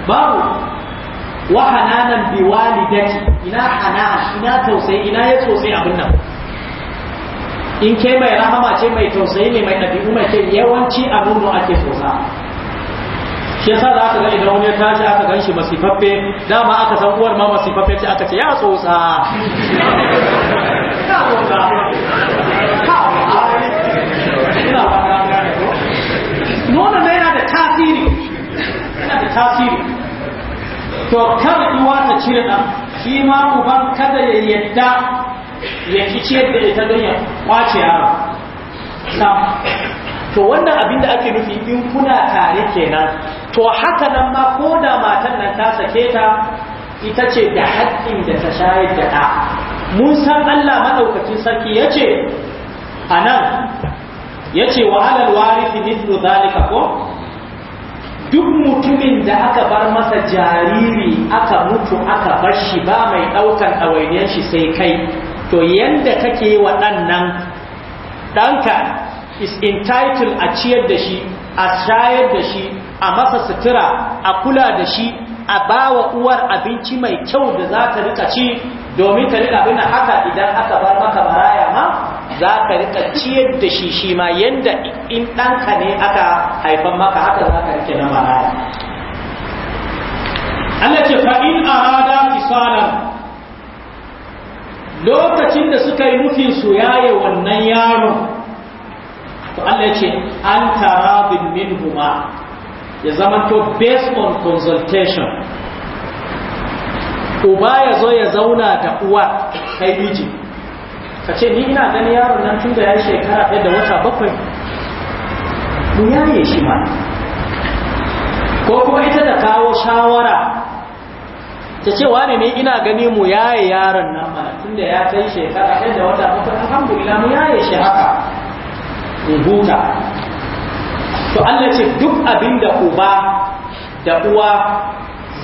babu wa hananan bi walidati ina hana ina tausayi ina ya tausayi abin nan in ke mai rahama ce mai tausayi ne mai ɗabi'u mai kyau yawanci abin da ake tausa shi yasa za ka ga idan wani tashi aka gan shi masifaffe dama aka san uwar ma masifaffe ce aka ce ya tsotsa nonon yana da tasiri yana da tasiri to kada uwa ta cire ɗan shi ma uban kada ya yadda ya ki ciyar da ita don ya kwace yaro to wannan abin da ake nufi in kuna tare kenan to haka nan ma ko da matan nan ta sake ta ita ce da haƙƙin da ta shayar da ɗa mun san Allah maɗaukacin sarki ya ce a nan ya ce wa alal warithi mithlu zalika ko duk mutumin da aka bar masa jariri aka mutu aka bar shi ba mai ɗaukar ɗawainiyar shi sai kai to yanda kake wa ɗan nan ɗanka is entitled a ciyar da shi a shayar da shi a masa sutura a kula da shi a ba wa uwar abinci mai kyau da za ta rika ci domin ta rika bina haka idan aka bar maka baraya ma za ka rika ciyar da shi shi ma yanda in ɗanka ne aka haifan maka haka za ka rike na maraya Allah ce fa in arada fisalan lokacin da suka yi nufin su yaye wannan yaro. to Allah ce an tarabin minhuma ya zama to based on consultation uba ya zo ya zauna da uwa kai miji ka ce ni ina gani yaron nan tun da ya shekara ɗaya da wata bakwai mu yaye shi ma ko kuma ita da kawo shawara ta ce wane ne ina gani mu yaye yaron nan ma tun da ya kai shekara ɗaya da wata bakwai alhamdulillah mu yaye shi haka mu huta to Allah ce duk abin da uba da uwa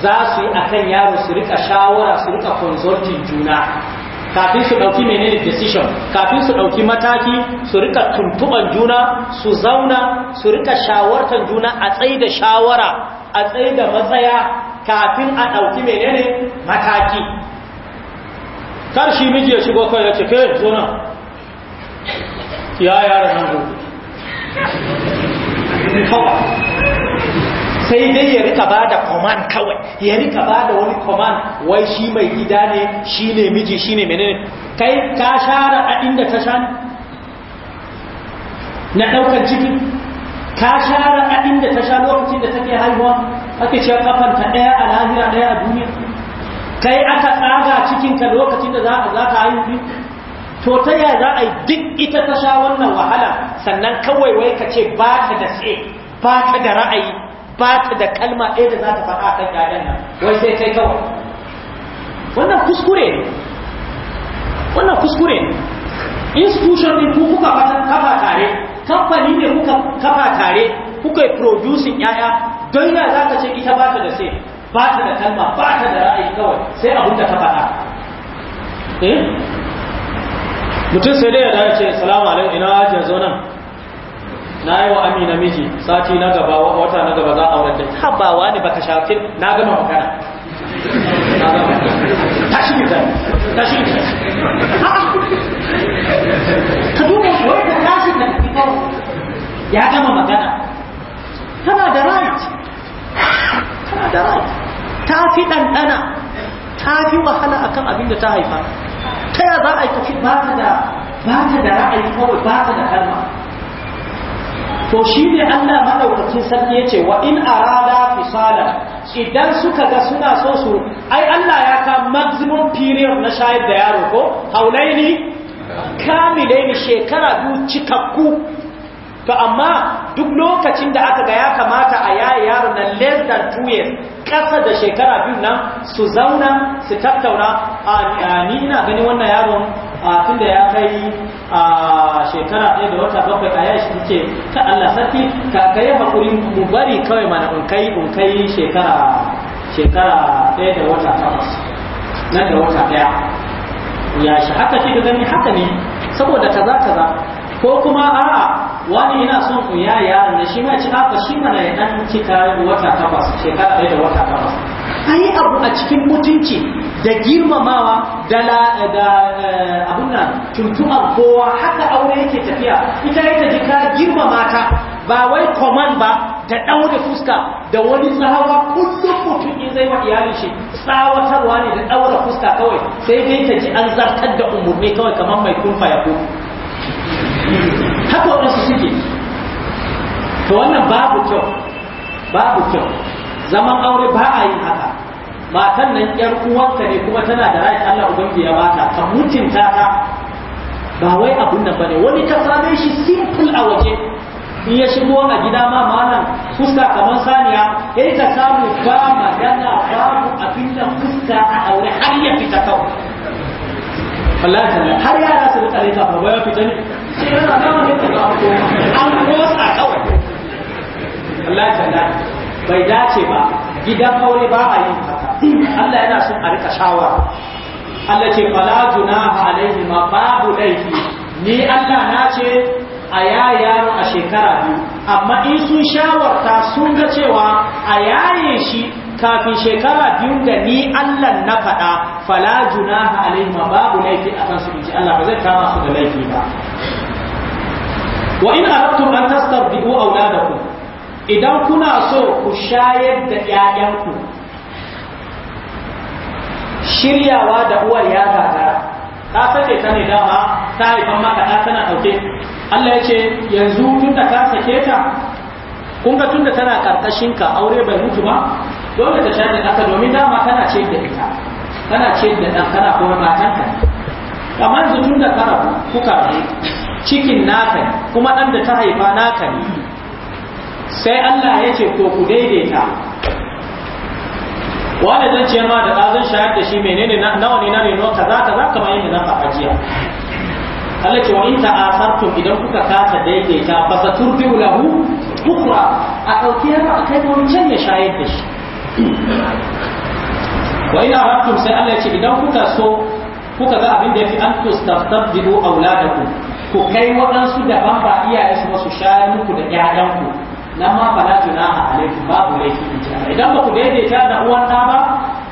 za su yi akan yaro su rika shawara su rika consulting juna kafin su ɗauki menene decision kafin su ɗauki mataki su rika tuntuban juna su zauna su rika shawartar juna a tsayi da shawara a tsayi da matsaya kafin a ɗauki menene mataki kar shi miji ya shigo kai ya ce ke zo nan ya yara nan gobe umarni kawai sai dai ya rika ba da command kawai ya rika ba da wani command wai shi mai gida ne shi ne miji shi ne menene kai ka share a inda ta sha na ɗaukar ciki ka share a inda ta sha lokacin da take haihuwa ake ce kafanta ɗaya a lahira ɗaya a duniya kai aka tsaga cikinka lokacin da za ka haihu to ta ya za a yi duk ita ta sha wannan wahala sannan kawai wai ka ce ba ta da tse ba ta da ra'ayi ba ta da kalma ɗaya da za ta faɗa a kan gadon nan wai sai kai kawai wannan kuskure ne wannan kuskure ne institution ne ku kuka kafa tare kamfani ne kuka kafa tare kuka yi producing 'ya'ya don ya za ka ce ita ba ta da sai ba ta da kalma ba ta da ra'ayi kawai sai abin da ta faɗa eh mutum sai dai ya ce salamu alaikum ina ya zo na yi wa amina miji sati na gaba wata na gaba za a wadda ta ba wani baka shafi na gama magana tashi gida tashi gida ka duba shi wai da tashi da fitar ya gama magana tana da right tana da right ta fi ɗanɗana ta fi wahala akan abin da ta haifa ya za a yi ba da ba ta da ra'ayi kawai ba ta da kalma to shi ne Allah madaukakin sarki ya ce wa in arada fisala idan suka ga suna so su ai Allah ya ka maximum period na shayar da yaro ko haulaini kamilaini shekara biyu cikakku to amma duk lokacin da aka ga ya kamata a yaya yaro na less than 2 years ƙasa da shekara biyu nan su zauna su tattauna a ni ina gani wannan yaron a tun da ya kai a shekara ɗaya da wata bakwai a yashi suke ta Allah sarki ka kai haƙuri mu bari kawai mana na kai in kai shekara shekara ɗaya da wata takwas nan da wata ɗaya ya shi haka shi da gani haka ne saboda kaza kaza ko kuma a wani yana son ku ya yaron da shi ma ci ba shi mana ya dan cika wata takwas shekara ɗaya da wata takwas ai abu a cikin mutunci da girmamawa da eh, abun nan tuntuɓar kowa haka aure yake tafiya ita ita ji ka girmama ta ba wai command ba da ɗaure fuska da wani tsawa kullum mutum in zai wa iyalin shi tsawatarwa ne da ɗaure fuska kawai sai dai ta ji an zartar da umurni kawai kamar mai kunfa ya kuma haka su suke to wannan babu kyau babu kyau zaman aure ba a yin haka matan nan yar uwanta ne kuma tana da rai Allah ubangi ya bata ka mutunta ta ba wai abun nan bane wani ka same shi simple a waje in ya shigo a gida ma malam fuska kamar saniya yayi ka samu ba magana babu abin da fuska a aure har ya fita kawai wallahi tallahi har yara su rika ne kafa bayan fita ne sai yana da wani ta ga ko an kosa kawai wallahi tallahi bai dace ba gidan aure ba a yi haka Allah yana son a rika shawara Allah ce fala junaha alaihi ma babu laifi ni Allah na ce a ya yaro a shekara biyu amma in sun shawarta sun ga cewa a yaye shi kafin shekara biyu da ni Allah na faɗa fala junaha ma babu laifi a kan su ji Allah ba zai kama su da laifi ba wa in aradtum an tastabdi'u awladakum idan kuna so ku shayar da ƴaƴanku shiryawa da uwar ya gaga ka sake ta ne dama ta haifan maka ɗa tana ɗauke Allah ya ce yanzu tun da ka sake ta kun ga tun da tana ka aure bai mutu ba dole ta canza ƙasa domin dama kana ce da ita kana ce da ɗan kana kuma matanka kamar yanzu tun da kana kuka cikin naka kuma ɗan da ta haifa naka ne sai Allah ya ce to ku daidaita Wani zan ce ma da zan shayar da shi menene nawa ne na reno kaza kaza kamar yadda na faɗa jiya Allah ce wa in ta'asartum idan kuka kasa daidaita fa saturdu lahu ukra a ɗauki yana a kai wani can ya shayar da shi wa ina hartum sai Allah ce idan kuka so kuka ga abin da yafi an tustabdilu auladakum ku kai waɗansu daban ba iyaye su su shayar muku da 'ya'yanku nan ma fala junaha alaikum babu laifi idan ba ku daidaita da uwan ɗa ba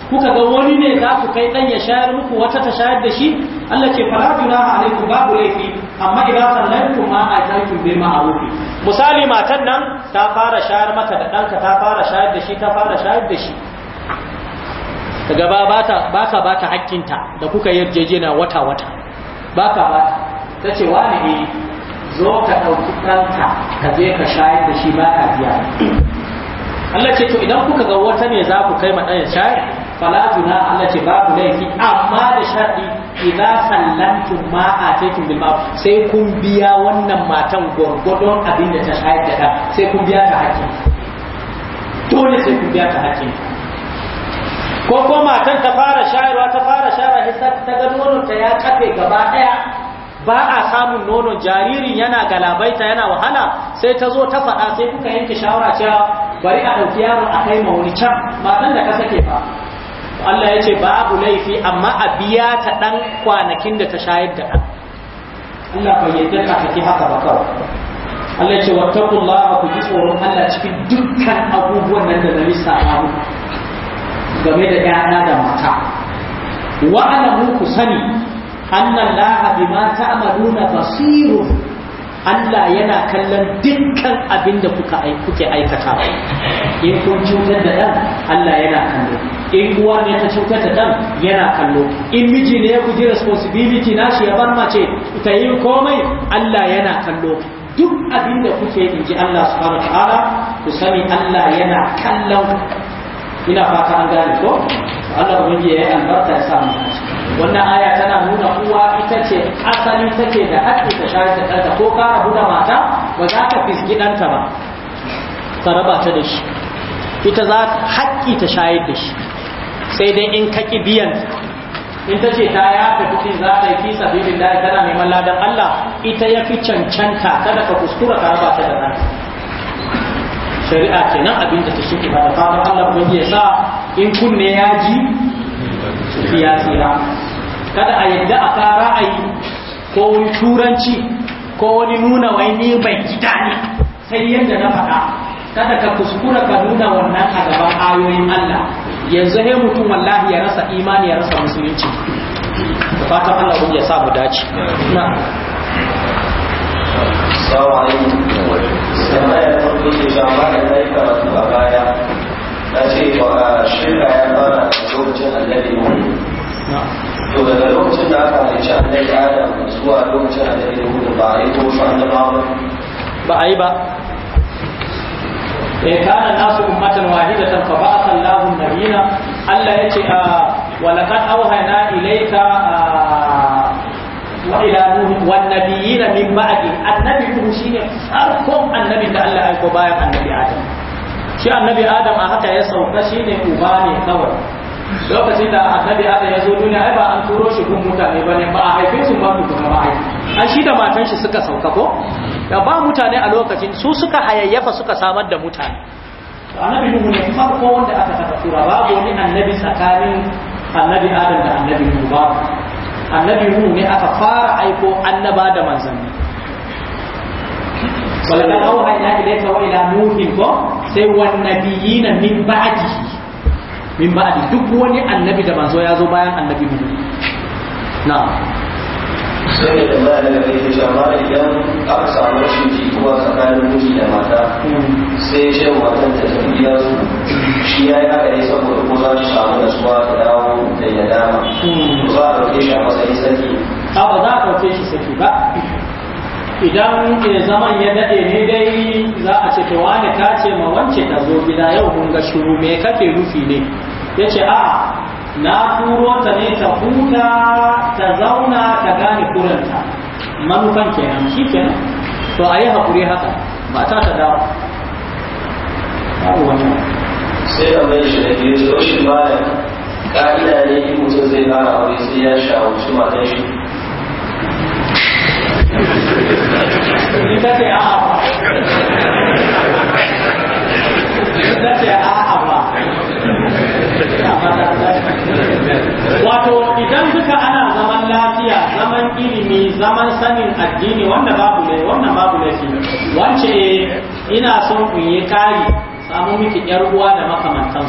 kuka ga wani ne za ku kai ɗan ya shayar muku wata ta shayar da shi Allah ce fala junaha alaikum babu laifi amma idan sallantu ma a bai ma ma'ruf misali matan nan ta fara shayar maka da danka ta fara shayar da shi ta fara shayar da shi daga ba ka ba ta hakkinta da kuka yarjejena wata wata Ba ka ba Ta ce wani ne eh, zo ka dauki danka ka je ka shayar da shi ba ka biya Allah ce to idan kuka ga wata ne za ku kai ma dan shayar fala juna Allah ce babu laifi amma da sharadi Ina sallantum ma a cikin ma'ruf sai kun biya wannan matan gurgurdon abin da ta shayar da ta sai kun biya ta hakki dole sai kun biya ta hakki ko ko matan ta fara shayarwa ta fara shayarwa sai ta ga nono ta ya kafe gaba daya ba a samun nono jaririn yana galabaita yana wahala sai ta zo ta faɗa sai kuka yanke shawara cewa bari a ɗauki yaron a kai ma wani can matan da ka sake ba Allah ya ce babu laifi amma a biya ta ɗan kwanakin da ta shayar da ɗan Allah bai yadda ka take haka ba kawai Allah ya ce wattaqullaha ku ji tsoron Allah cikin dukkan abubuwan nan da na lissafa game da ƴaƴa da mata wa alamu ku sani annan laha bima ta'maluna basirun Allah yana kallon dukkan abin da kuka kuke aikata in kun cutar da ɗan Allah yana kallo. in uwa ne ta cutar da dan yana kallo in miji ne ya guji responsibility na shi ya bar mace ta yi komai Allah yana kallo duk abin da kuke in ji Allah subhanahu ta'ala ku sani Allah yana kallon ina fata an gane ko Allah ubangi ya yi albarka ya sa wannan aya tana nuna uwa ita ce asali take da haƙƙi ta shayar da ɗanta ko ka rabu mata ba za ka fisgi ɗanta ba ka raba ta da shi ita za haƙƙi ta shayar da shi sai dai in kaki biyan in ta ce ta yafe kuɗin za ta yi fi sabilin da tana neman ladan Allah ita ya fi cancanta kada ka kuskura ka raba ta da nan shari'a ce nan abin da ta shi ba da fara Allah ba ya sa in kunne ya ji su ya tsira kada a yadda a a yi ko wani turanci ko wani nuna wai ne bai gida ne sai yadda na faɗa kada ka kuskura ka nuna wannan a gaban ayoyin Allah yanzu he mutum wallahi ya rasa imani ya rasa musulunci Fata Allah ya sa mu dace na sawa yi da a baya ta ce ya fara to daga lokacin da aka a yi ba a yi ba in kana nasu ummatan wahidatan fa ba'atha Allahu nabiyina Allah yace a wa laqad awhayna ilayka wa ila nuh wan nabiyina min ba'di annabi nuh shine farkon annabi da Allah ya aiko bayan annabi Adam shi annabi Adam a haka ya sauka shine uba ne kawai lokacin da annabi adam ya zo duniya ai ba an turo shi kun mutane ba ne ba a haife su ba tukuna ba an shi da matan shi suka sauka ko da ba mutane a lokacin su suka hayayyafa suka samar da mutane annabi nuhu ne farko wanda aka taɓa tura babu wani annabi tsakanin annabi adam da annabi nuhu ba annabi nuhu ne aka fara aiko annaba da manzanni walakin auha ila ilayka wa ila nuhin ko sai wannabiyina min ba'dihi min ba'di duk wani annabi da manzo ya zo bayan annabi mu na sai da ba da yake cewa idan aka samu rashin jituwa tsakanin miji da mata sai ce matan ta tafi gida su shi ya yi haka ne saboda ko za su samu nasuwa da dawo da ya dama ba a ɗauke shi a matsayin saki a ba za a ɗauke shi saki ba idan zaman ya daɗe ne dai za a ce ta wani ta ce ma wance ta zo gida yau mun ga shuru me kake rufi ne ya ce a na turo ta ne ta huta ta zauna ta gane kuranta manufan kenan shi kenan to a yi haƙuri haka ba ta dawo wannan sai da mai shi da ke zo shi baya ka'ida ne in mutum zai fara aure sai ya shawarci matan shi wato idan duka ana zaman lafiya zaman ilimi zaman sanin addini wanda babu ne wanda babu ne wacce ina son in yi kari samu miki yar uwa da makaranta.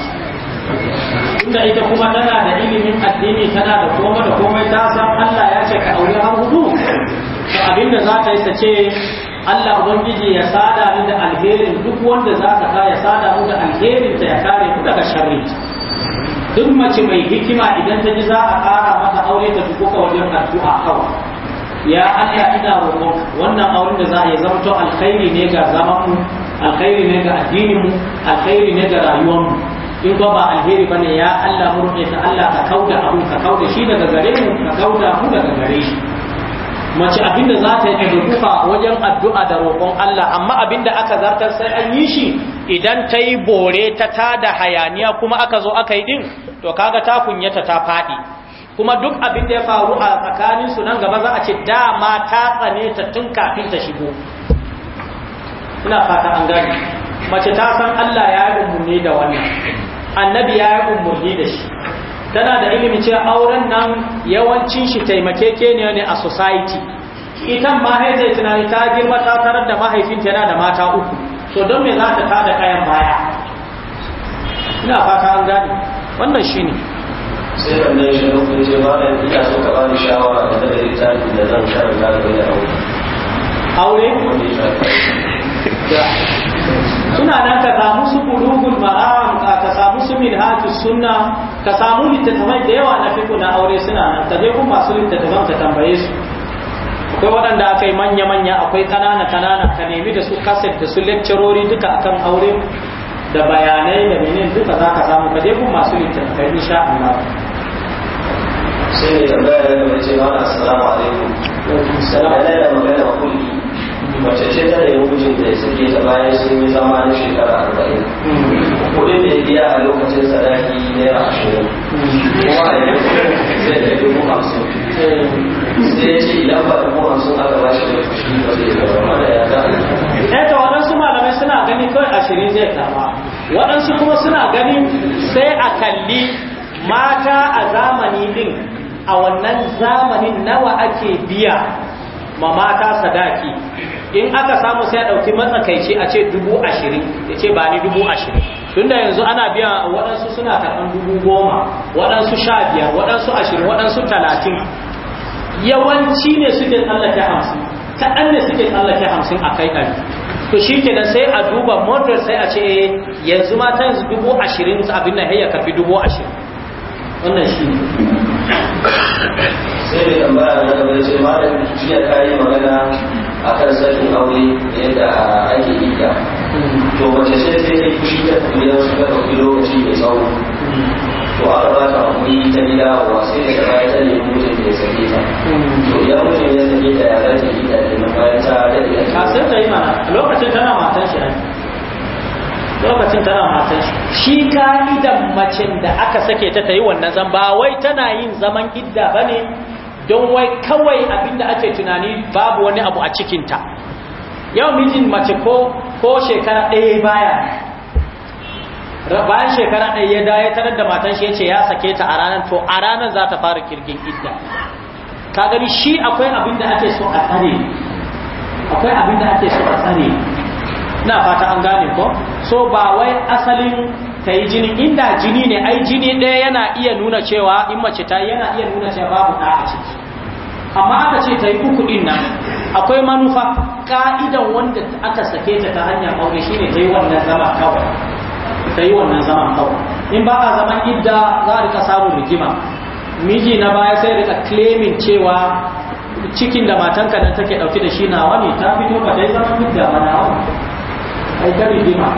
tunda ita kuma tana da ilimin addini tana da komai da komai ta san Allah ya ce ka aure har hudu to abinda za ta yi ta ce Allah ubangiji ya sada ni da alherin duk wanda za ka ya sada mu da alherin ta ya kare ku daga sharri duk mace mai hikima idan ta ji za a kara mata aure ta duka wajen addu'a kawai ya Allah ina roƙon wannan auren da za a yi zamto alkhairi ne ga zaman mu alkhairi ne ga addinin mu alkhairi ne ga rayuwar mu in ba ba alheri bane ya Allah mu roƙe ta Allah ka kauda abu ka kauda shi daga gare mu ka kauda mu daga gare shi mace abinda za ta yi rufa wajen addu'a da roƙon Allah amma abinda aka zartar sai an yi shi idan ta yi bore ta tada hayaniya kuma aka zo aka yi din to kaga ta kunyata ta faɗi kuma duk abinda ya faru a tsakanin su nan gaba za a ce dama ta tsane ta tun kafin ta shigo ina fata an gani mace ta san Allah ya yi umarni da wannan annabi ya yi umarni da shi tana da ilimi cewa auren nan yawancin shi taimakeke ne a society itan mahaifiyar tunani ta girma ta tarar da mahaifinta yana da mata uku to don me za ta tada kayan baya ina fata an gane wannan shine sai nan shi ne ce ba da ina so ka bani shawara da da ita da zan karanta da aure aure suna nan ka samu su qulubul ma'am ka samu su min minhajus sunna ka samu littattafai da yawa na fiqh na aure suna nan ka je kun masu littattafan ka tambaye su akwai waɗanda aka yi manya-manya akwai kanana-kanana ka nemi da su kaset da su lecturori duka akan aure da bayanai da menene duka za ka samu ka je kun masu littattafai sha Allah sai ne tambaya da mai wa assalamu alaikum sai da magana kulli mace ce ta nemi mijin da ya suke ta bayan sun yi zama na shekara arba'in kuɗin da ya biya a lokacin sadaki naira ashirin kuma a yanzu zai da dubu hamsin sai ya ce idan ba dubu hamsin aka ba shi da fushi ba zai zama da ya za a yi. waɗansu malamai suna gani kawai ashirin zai kama waɗansu kuma suna gani sai a kalli mata a zamani din a wannan zamanin nawa ake biya ma mata sadaki in aka samu sai a ɗauki matsakaici a ce dubu ashirin ya ce ba ni dubu ashirin tunda yanzu ana biya waɗansu suna karɓar dubu goma waɗansu sha biyar waɗansu ashirin waɗansu talatin yawanci ne suke tsallake hamsin ɗan ne suke tsallake hamsin a kai ɗari to shi kenan sai a duba motar sai a ce eh, yanzu mata yanzu dubu ashirin abin na ya karfi dubu ashirin wannan shi ne sai mai tambaya na gaba ya ce malam jiya ka yi magana a kan sakin aure da yadda ake to mace ce sai ta fushi ta gidan su ka ɗauki lokaci mai tsawo to ba ta ta gida wa sai da ta ta nemi mutum da ya sake ta to idan mutum ya sake ta ya za ta da na bayan ta daɗe ta sai ta yi mana lokacin tana matan shi ne lokacin tana matan shi shi ka'idan macin da aka sake ta tayi wannan zan ba wai tana yin zaman idda bane don wai kawai abinda ake tunani babu wani abu a cikinta yau mijin mace ko ko shekara ɗaya baya bayan shekara ɗaya ya daya tarar da matan shi yace ya sake ta a ranar to a ranar za ta fara kirgin idda ka gani shi akwai abinda ake so a tsare akwai abinda ake so a tsare na fata an gane ko so ba wai asalin ta yi jini inda jini ne ai jini ɗaya yana iya nuna cewa in mace ta yana iya nuna cewa babu ɗa a ciki amma aka ce ta yi uku ɗin nan akwai manufa ka'idan wanda aka sake ta ta hanyar aure shine ta yi wannan zama kawai ta yi wannan zama kawai in ba a zaman idda za a rika samun rigima miji na baya sai rika claiming cewa cikin da matanka nan take dauke da shi nawa ne ta fito ba dai zaman idda ba nawa ai ta rigima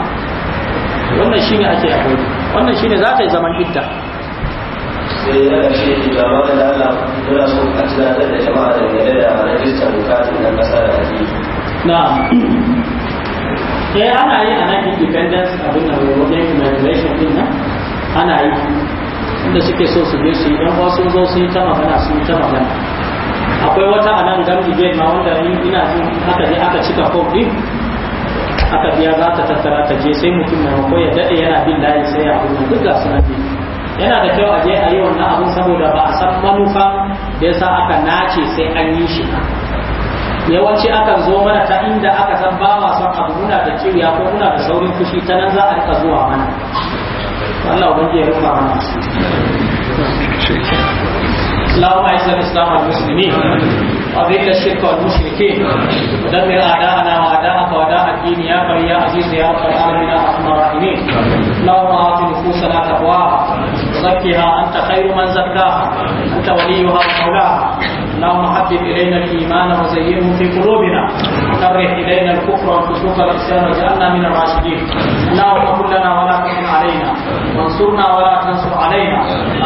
wannan shine ake akwai wannan shine za ta yi zaman idda sai ya da shi da ba da Allah muna so a tunatar da jama'a da ne da rajistar bukatun na kasa da ake na'am eh ana yi ana independence abin da wajen humanization din nan ana yi inda suke so su je su yi dan wasu zo su yi ta magana su yi ta magana akwai wata anan nan gamji gate ma wanda ina jin haka je aka cika kofi. aka biya za ta tattara ta je sai mutum ko ya daɗe yana bin layi sai ya abin duk ga suna bi yana da kyau a je a yi wannan abin saboda ba a san manufa da yasa aka nace sai an yi shi yawanci akan zo mana ta inda aka san ba ma san abu muna da kiriya ko muna da saurin fushi ta nan za a rika zuwa mana Allah ubangi ya rufa mana Allahumma aizza islam al-muslimin abin da shirka wa mushrike dan mai ada ana wa da aka wada addini ya bariya aziz ya qur'an min al-ahmarain lawa ati nufusana taqwa zakkiha anta khayru man zakka anta waliyuha wa mawlaha اللهم حبب إلينا الإيمان وزينه في قلوبنا وكره إلينا الكفر والفسوق والعصيان واجعلنا من الراشدين اللهم كن لنا ولا تكن علينا وانصرنا ولا تنصر علينا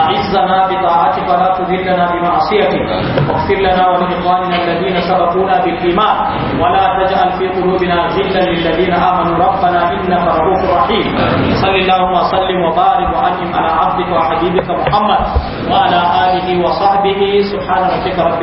أعزنا بطاعتك ولا تذلنا بمعصيتك واغفر لنا ولإخواننا الذين سبقونا بالإيمان ولا تجعل في قلوبنا غلا للذين آمنوا ربنا إنك رؤوف رحيم صل اللهم وسلم وبارك وأنعم على عبدك وحبيبك محمد وعلى آله وصحبه سبحان ربك رب